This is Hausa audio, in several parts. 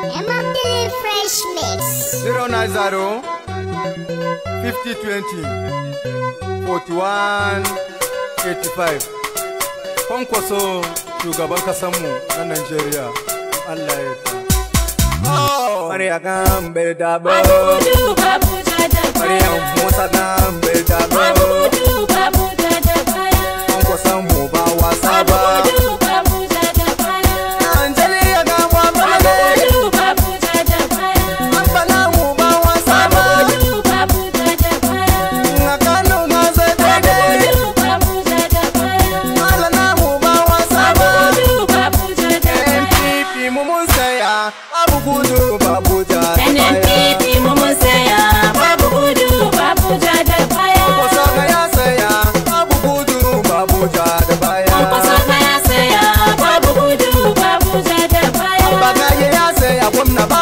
Emapele fresh mix. Zero zero, nine fifty twenty, 090 5020 41 85. Kwankwaso shugaban kasanmu na Nigeria. Allah ya ta. Oh. Maria Gambel Dabo. Maria Musa Gambel Dabo. gudu babu ja da baya NNPP saya babu gudu babu ja da baya Kwasaka ya saya babu babu ja baya ya babu ja baya ba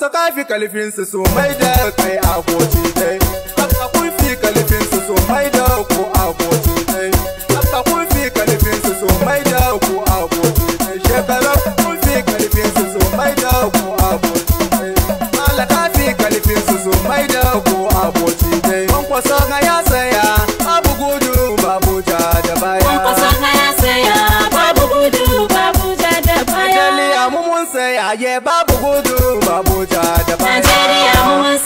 wasu kafi kalfinsu su mai da kai aboki dai yeah, babu gudu babu ta da Najeriya mun